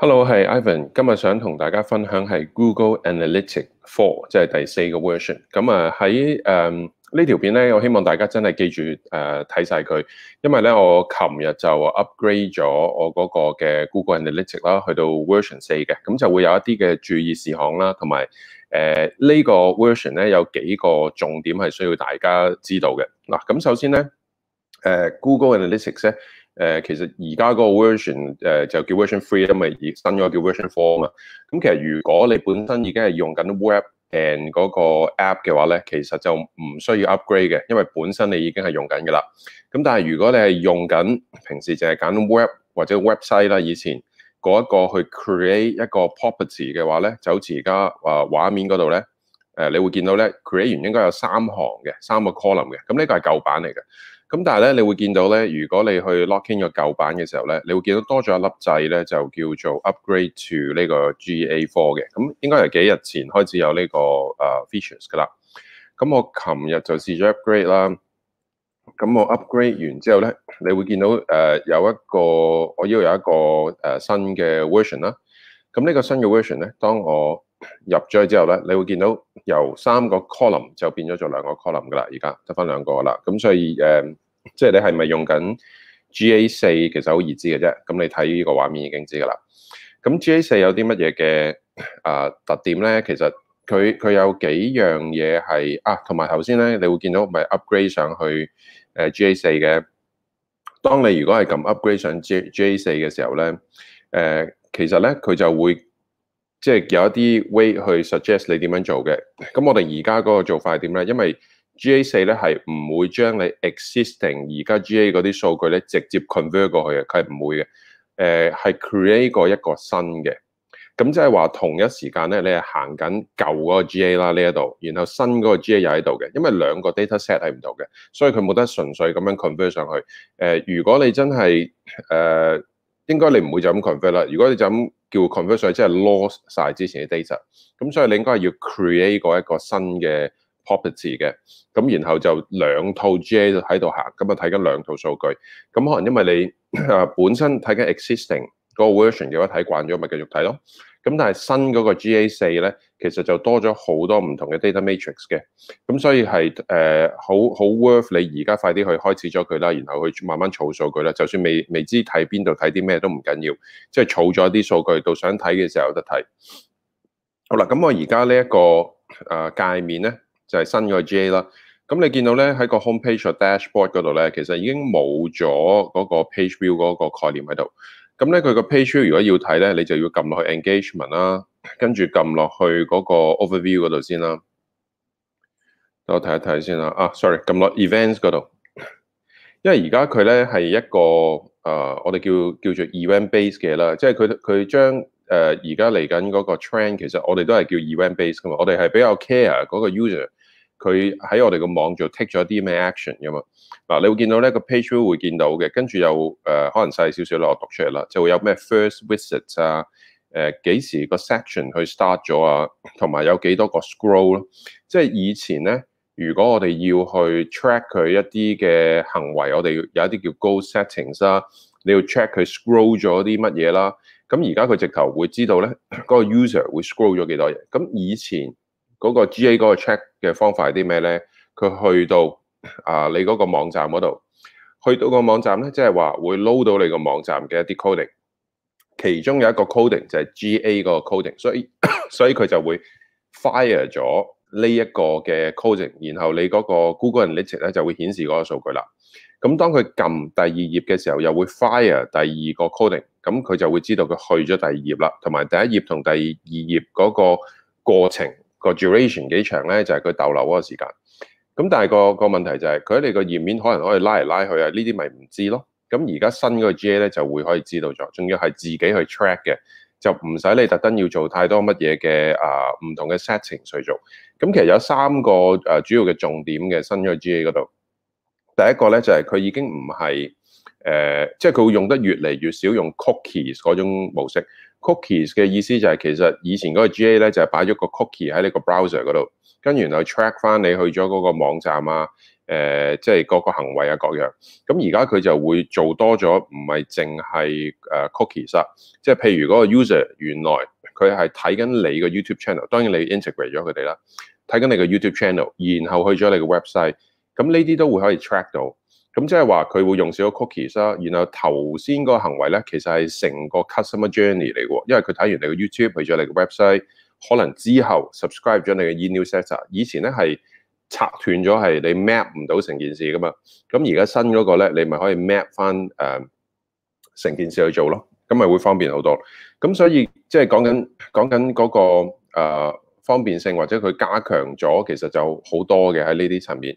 Hello，我係 Ivan，今日想同大家分享係 Google Analytics Four，即係第四個 version。咁啊喺誒呢條片咧，我希望大家真係記住誒睇晒佢，因為咧我琴日就 upgrade 咗我嗰個嘅 Google Analytics 啦，去到 version 四嘅，咁就會有一啲嘅注意事項啦，同埋誒呢個 version 咧有幾個重點係需要大家知道嘅。嗱，咁首先咧，誒、呃、Google Analytics 咧。誒、呃、其實而家嗰個 version 誒、呃、就叫 version three 啦，咪而新咗叫 version four 啊嘛。咁、嗯、其實如果你本身已經係用緊 web and 嗰個 app 嘅話咧，其實就唔需要 upgrade 嘅，因為本身你已經係用緊㗎啦。咁、嗯、但係如果你係用緊平時淨係揀 web 或者 website 啦，以前嗰一個去 create 一個 property 嘅話咧，就好似而家啊畫面嗰度咧誒，你會見到咧 create 完應該有三行嘅三個 column 嘅，咁、嗯、呢、這個係舊版嚟嘅。咁但係咧，你會見到咧，如果你去 locking 個舊版嘅時候咧，你會見到多咗一粒掣咧，就叫做 upgrade to 呢個 GA4 嘅。咁應該係幾日前開始有呢個誒 features 㗎啦。咁我琴日就試咗 upgrade 啦。咁我 upgrade 完之後咧，你會見到誒有一個，我呢度有一個誒新嘅 version 啦。咁呢個新嘅 version 咧，當我入咗去之後咧，你會見到由三個 column 就變咗做兩個 column 噶啦，而家得翻兩個啦。咁所以誒、呃，即係你係咪用緊 GA 四？其實好易知嘅啫。咁你睇呢個畫面已經知噶啦。咁 GA 四有啲乜嘢嘅誒特點咧？其實佢佢有幾樣嘢係啊，同埋頭先咧，你會見到咪、就是、upgrade 上去誒 GA 四嘅。當你如果係咁 upgrade 上 GA 四嘅時候咧，誒、呃、其實咧佢就會。即係有一啲 way 去 suggest 你點樣做嘅，咁我哋而家嗰個做法係點咧？因為 GA 四咧係唔會將你 existing 而家 GA 嗰啲數據咧直接 convert 過去嘅，佢係唔會嘅。誒、呃、係 create 過一個新嘅，咁即係話同一時間咧，你係行緊舊嗰個 GA 啦呢一度，然後新嗰個 GA 又喺度嘅，因為兩個 data set 係唔同嘅，所以佢冇得純粹咁樣 convert 上去。誒、呃，如果你真係誒。呃應該你唔會就咁 convert 啦，如果你就咁叫 conversion 即係 loss 晒之前嘅 data，咁所以你應該係要 create 個一個新嘅 property 嘅，咁然後就兩套 GA 喺度行，咁啊睇緊兩套數據，咁可能因為你啊本身睇緊 existing 個 version 嘅話睇慣咗，咪繼續睇咯。咁但係新嗰個 GA 四咧，其實就多咗好多唔同嘅 data matrix 嘅，咁所以係誒好好 worth 你而家快啲去開始咗佢啦，然後去慢慢儲數據啦。就算未未知睇邊度睇啲咩都唔緊要，即係儲咗啲數據到想睇嘅時候有得睇。好啦，咁我而家呢一個誒界面咧，就係、是、新嗰個 GA 啦。咁你見到咧，喺個 home page dashboard 嗰度咧，其實已經冇咗嗰個 page view 嗰個概念喺度。咁咧佢個 page view 如果要睇咧，你就要撳落去 engagement 啦，跟住撳落去嗰個 overview 嗰度先啦。等我睇一睇先啦。啊，sorry，撳落 events 嗰度，因為而家佢咧係一個誒、呃，我哋叫叫做 event base 嘅啦，即係佢佢將誒而家嚟緊嗰個 trend 其實我哋都係叫 event base 噶嘛，我哋係比較 care 嗰個 user。佢喺我哋個網就 take 咗啲咩 action 嘅嘛，嗱你會見到咧、嗰個 pageview 會見到嘅，跟住又誒、呃、可能細少少落我讀出嚟啦，就會有咩 first visit 啊，誒、呃、幾時個 section 去 start 咗啊，同埋有幾多個 scroll 咯、啊，即係以前咧，如果我哋要去 check 佢一啲嘅行為，我哋有一啲叫 goal settings 啦、啊，你要 check 佢 scroll 咗啲乜嘢啦，咁而家佢直頭會知道咧，嗰、嗰個 user 會 scroll 咗幾多嘢，咁以前。嗰個 G A 嗰個 check 嘅方法係啲咩咧？佢去到啊，你嗰個網站嗰度去到個網站咧，即係話會 load 到你個網站嘅一啲 coding，其中有一個 coding 就係 G A 嗰個 coding，所以 所以佢就會 fire 咗呢一個嘅 coding，然後你嗰個 Google Analytics 咧就會顯示嗰個數據啦。咁當佢撳第二頁嘅時候，又會 fire 第二個 coding，咁佢就會知道佢去咗第二頁啦，同埋第一頁同第二頁嗰個過程。個 duration 幾長咧，就係佢逗留嗰個時間。咁但係個個問題就係，佢喺你個頁面可能可以拉嚟拉去啊，呢啲咪唔知咯。咁而家新嗰個 GA 咧就會可以知道咗，仲要係自己去 track 嘅，就唔使你特登要做太多乜嘢嘅啊，唔同嘅 setting 去做。咁其實有三個誒主要嘅重點嘅新嗰個 GA 嗰度，第一個咧就係佢已經唔係。誒、呃，即係佢會用得越嚟越少用 cookies 嗰種模式。cookies 嘅意思就係其實以前嗰個 GA 咧就係擺咗個 cookie 喺你個 browser 嗰度，跟然後 track 翻你去咗嗰個網站啊、呃，誒，即係各個行為啊各樣。咁而家佢就會做多咗，唔係淨係誒 cookies 啦、啊。即係譬如嗰個 user 原來佢係睇緊你個 YouTube channel，當然你 integrate 咗佢哋啦，睇緊你個 YouTube channel，然後去咗你個 website，咁呢啲都會可以 track 到。咁即係話佢會用少個 cookies 啦，然後頭先嗰個行為咧，其實係成個 customer journey 嚟喎，因為佢睇完你個 YouTube，睇咗你個 website，可能之後 subscribe 咗你嘅 e-newsletter。以前咧係拆斷咗，係你 map 唔到成件事噶嘛。咁而家新嗰個咧，你咪可以 map 翻誒成件事去做咯。咁咪會方便好多。咁所以即係講緊講緊嗰個、呃、方便性，或者佢加強咗，其實就好多嘅喺呢啲層面。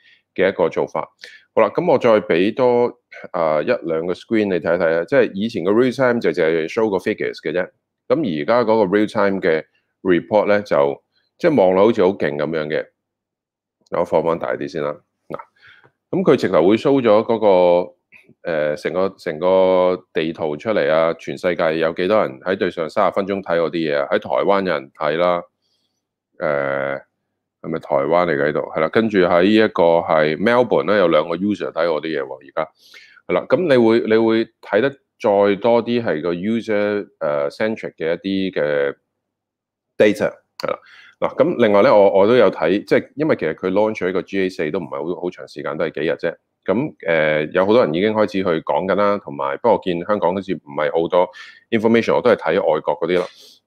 嘅一個做法，好啦，咁我再俾多啊一兩個 screen 你睇一睇啊，即係以前個 real time 就淨係 show 個 figures 嘅啫，咁而家嗰個 real time 嘅 report 咧就即係望落好似好勁咁樣嘅，我放翻大啲先啦，嗱，咁佢直頭會 show 咗嗰個誒成個成個地圖出嚟啊，全世界有幾多人喺對上卅分鐘睇我啲嘢啊，喺台灣有人睇啦，誒、呃。係咪台灣嚟嘅喺度？係啦，跟住喺呢一個係 Melbourne 咧，有兩個 user 睇我啲嘢喎。而家係啦，咁你會你會睇得再多啲係個 user 誒 centric 嘅一啲嘅 data 係啦。嗱咁另外咧，我我都有睇，即係因為其實佢 launch 咗一個 GA4 都唔係好好長時間，都係幾日啫。咁誒、呃、有好多人已經開始去講緊啦，同埋不過我見香港好似唔係好多 information，我都係睇外國嗰啲咯。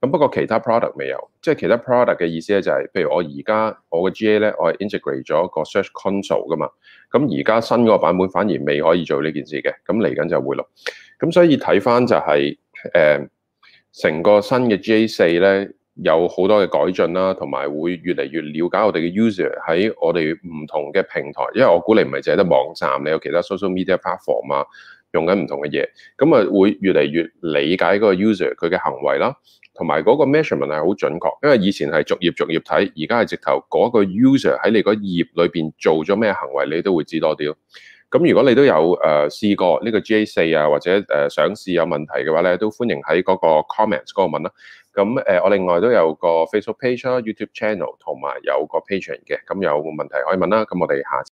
咁不過其他 product 未有，即係其他 product 嘅意思咧、就係，就係譬如我而家我嘅 GA 咧，我係 integrate 咗個 search console 噶嘛。咁而家新嗰個版本反而未可以做呢件事嘅，咁嚟緊就會錄。咁所以睇翻就係、係、誒，成、呃、個新嘅 GA 四咧，有好多嘅改進啦，同埋會越嚟越了解我哋嘅 user 喺我哋唔同嘅平台，因為我估你唔係淨係得網站，你有其他 social media platform 啊。用緊唔同嘅嘢，咁啊會越嚟越理解嗰個 user 佢嘅行為啦，同埋嗰個 measurement 係好準確，因為以前係逐頁逐頁睇，而家係直頭嗰個 user 喺你個頁裏邊做咗咩行為，你都會知多啲。咁如果你都有誒、呃、試過呢個 J 四啊，或者誒、呃、想試有問題嘅話咧，都歡迎喺嗰個 comments 嗰個問啦。咁誒、呃，我另外都有個 Facebook page 啊、YouTube channel 同埋有，有個 patreon 嘅，咁有冇問題可以問啦。咁我哋下次。